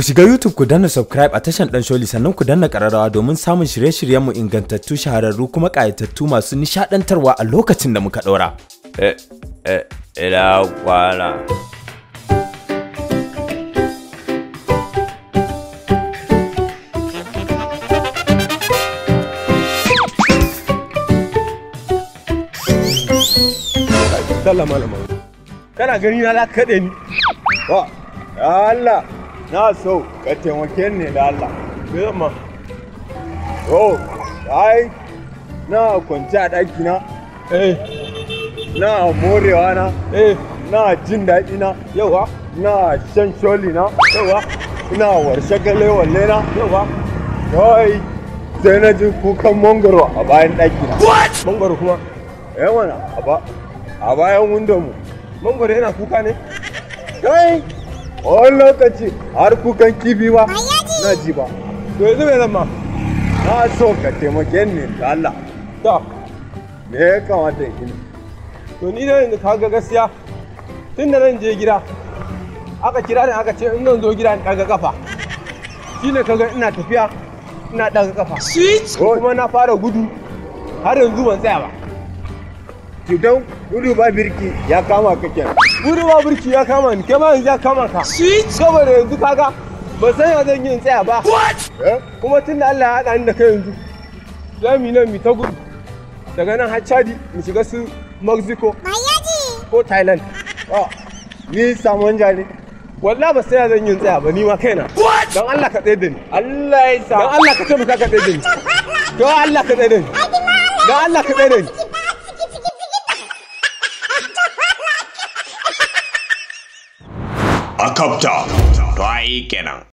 Ku shiga YouTube ku danna subscribe a tashan Dan Sholi sannan ku danna ƙararrawa domin samun shirye-shiryenmu ingantattu shahararru kuma ƙayatattu masu nishaɗantarwa a lokacin da muka ɗora. Eh, eh, ila kwana. Dalla malama. Kana gani na la ni. Allah. na so ka taimake ni da Allah girma o oh, ai na kwanci a ɗaki na eh na morewa na eh na jin daɗi na yawa na shan sholi na yawa na warshe gale walle na yawa kai sai na ji kukan mangoro a bayan ɗaki na mangoro kuma yawa eh a bayan windon mu mangoro yana kuka ne kai wani lokaci har kukan kifi ba na ji ba to yanzu mai zama na so ka taimake ni da Allah to me ya kamata in to ni da yanzu kaga gaskiya tun da nan je gida aka kira ni aka ce in zan zo gida in ɗaga kafa shine kaga ina tafiya ina ɗaga kafa kuma na fara gudu har yanzu ban tsaya ba. Cutan gudu ba birki ya kama ka kenan. wuri ba burki ya kama ni ke ma yanzu ya kama ka saboda yanzu kaga ba san ya zan yin tsaya ba eh? kuma tun da Allah ya haɗa ni da kai yanzu za mu yi nan mu ta gudu daga nan har Chadi mu shiga su Mexico ko Thailand ah, ni samu jari walla ba sai ya zan yin tsaya ba ni ma kaina don Allah ka tsaye da ni Allah ya sa don Allah ka ka tsaye da ni don Allah ka tsaye da ni don Allah ka tsaye da ni a kafta to ai kenan